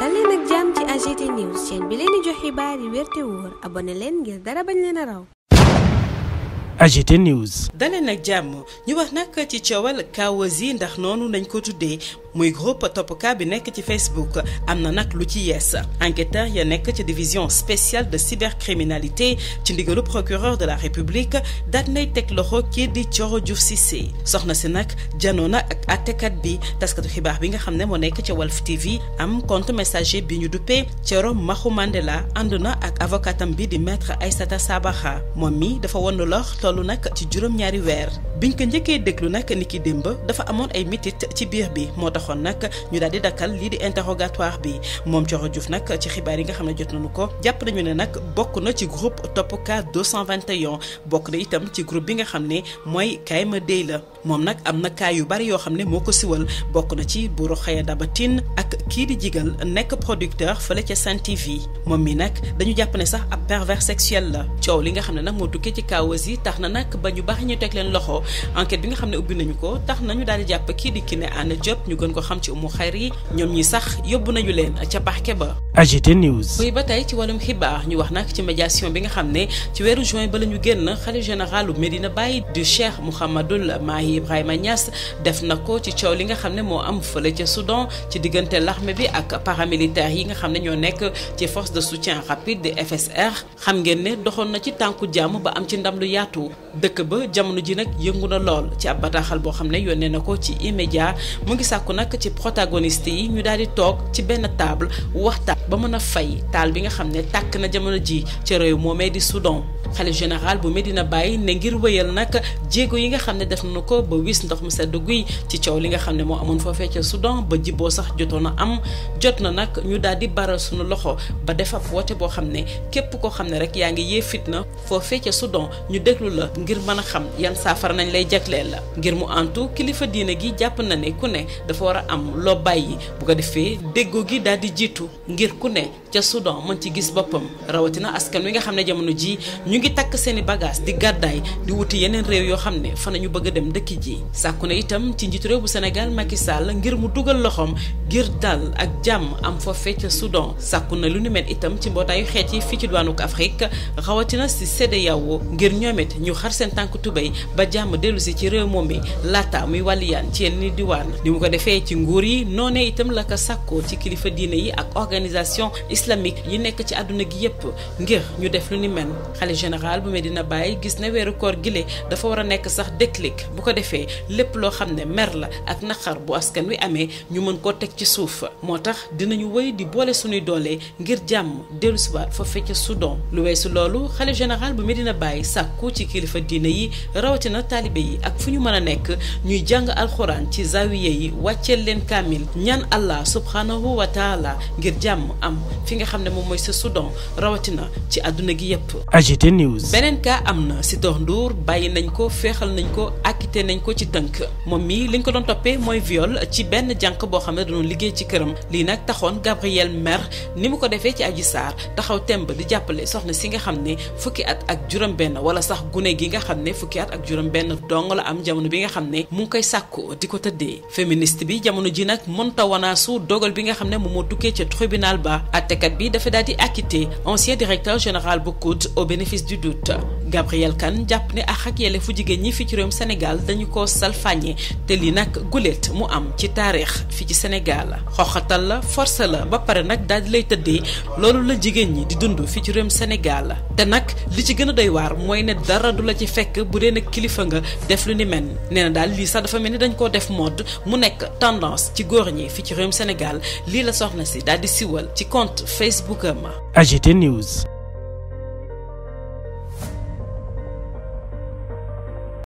dal leen ak jàmm ci AGT news chaîne bi leen di jox xibaar yi wér te wóor abonné leen ngir dara bañ leen a raw. AGT News. dalee nag jàmm ñu wax nag ci coowal Kawasi ndax noonu nañ ko tuddee muy groupe toppkat bi nekk ci Facebook am na nag lu ci yees enquêteur ya nekk ci division spéciale de cybercriminalité ci ndigalu procureur de la république daat nay teg loxo kii di Thioro Diouf Cissé soxna si nag janoo na ak àttekat bi taskatu xibaar bi nga xam ne moo nekk ca Walf TV am compte messager bi ñu duppee Thioro Maxu Mandela ànd na ak avocatam bi di maître Aïssata Sabaha moom mi dafa won lox tollu nag ci juróom-ñaari weer biñ ko njëkkee déglu nag niki démb dafa amoon ay mitit ci biir bi taxoon nag ñu daal di dakkal lii di interrogatoire bi moom Thioro Diouf nag ci xibaar yi nga xam ne jot nañu ko jàpp nañu ne nag bokk na ci groupe Topka 221 bokk na itam ci groupe bi nga xam ne mooy Kayma Dey la. moom nag am na kaay yu bari yoo xam ne moo ko siwal bokk na ci bu Roxaya Dabatine ak kii di jigal nekk producteur fële ca Sen TV moom mi nag dañu jàpp ne sax ab pervers sexuel la coow li nga xam ne nag moo tukkee ci kaawas yi tax na nag ba ñu baax ñu teg leen loxo enquête bi nga xam ne ubbi nañu ko tax nañu daal di jàpp kii di Kiné Anne Diop ñu gën ko xam ci umu xayr yi ñoom ñi sax yóbbu nañu leen ca parquet ba AGT News buy ba tey ci wàllum xibaar ñu wax nag ci médiation bi nga xam ne ci weeru juin ba la ñu génn xalif généralu Médina Baye du Cheikh Mouhamadoul Mahi di Ibrahima Niass def na ko ci coow li nga xam ne moo am fële ca Soudan ci diggante l'armée bi ak paramilitaires yi nga xam ne ñoo nekk ci force de soutien rapide de FSR xam ngeen ne doxoon na ci tànku jàmm ba am ci ndam lu yaatu dëkk ba jamono ji nag yëngu na lool ci ab bataaxal boo xam ne yónnee na ko ci immédiat mu ngi sàkku nag ci protagoniste yi ñu daal di toog ci benn table waxtaan ba mën a fay taal bi nga xam ne tàkk na jamono ji ca réew moomee di Soudan ba wis ndox mu sedd guy ci coow li nga xam ne moo amoon foofee ca Soudan ba jibboo sax jotoon a am jot na nag ñu daal di baral suñu loxo ba def ab boo xam ne képp koo xam ne rek yaa ngi yee fitna foofee ca Soudan ñu déglu la ngir mën a xam yan saafara nañ lay jagleel la ngir mu antu kilifa diine gi jàpp na ne ku ne dafa war am loo bàyyi bu ko defee déggoo gi daal di jiitu ngir ku ne ca Soudan mën ci gis boppam rawatina askan wi nga xam ne jamono ji ñu ngi takk seen i bagage di gàddaay di wuti yeneen yoo xam tekki ji sàkku na itam ci njiitu réew bu Sénégal Macky Sall ngir mu dugal loxoom ngir dal ak jàmm am foofee ca Soudan sàkku na lu ni mel itam ci mbootaayu xeet yi fii ci diwaanuk Afrique rawatina si CEDEAO ngir ñoomit ñu xar seen tànk tubéy ba jàmm dellu si ci réew moom mi laata muy wàlliyaan ci yenn ni diwaan ni mu ko defee ci nguur yi noonee itam la ko sàkkoo ci kilifa diine yi ak organisation islamique yi nekk ci àdduna gi yépp ngir ñu def lu ni mel xale général defee lépp loo xam ne mer la ak naqar bu askan wi amee ñu mën koo teg ci suuf moo tax dinañu woy di boole suñuy doole ngir jàmm dellusiwaat foofee ca sudon lu weesu loolu xalif général bu Medina Baye sàkku ci kilifa diine yi rawatina taalibe yi ak fu ñu mën a nekk ñuy jàng alxuraan ci zawiye yi wàcceel leen kaamil ñaan allah subhanahu wa ngir jàmm am fi nga xam ne moom mooy sa Soudan rawatina ci àdduna gi yépp beneen kaa am na Sitor Ndour bàyyi nañ ko ci tënk moom mii ñu ko doon toppee mooy viol ci benn jànq boo xam ne doon liggéey ci këram lii nag taxoon Gabriel Mer ni mu ko defee ci Adji saar taxaw temb di jàppale soxna si nga xam ne fukki at ak juróom-benn wala sax gune gi nga xam ne fukki ak juróom-benn dong la am jamono bi nga xam ne mu ngi koy sàkku di ko tëddee féministe bi jamono ji nag mënta wanaasu dogal bi nga xam ne moom moo tukkee ca tribunal ba attekat bi dafa daal di acquitté ancien directeur général bu COUD au bénéfice du doute Gabrielle kan jàpp ne ax ak yelleefu jigéen ñi fii ci réewum Sénégal dañu ko salfaañe te lii nag guléet mu am ci taarix fii ci Sénégal xoxatal la force la ba pare nag daal di lay tëddee loolu la jigéen ñi di dund fii ci réewum Sénégal te nag li ci gën a doy waar mooy ne dara du la ci fekk bu dee nag kilifa nga def lu ni mel nee na daal lii sax dafa mel ni dañ koo def mode mu nekk tendance ci góor ñi fii ci réewum Sénégal lii la soxna si daal di siwal ci compte Facebook am AGT News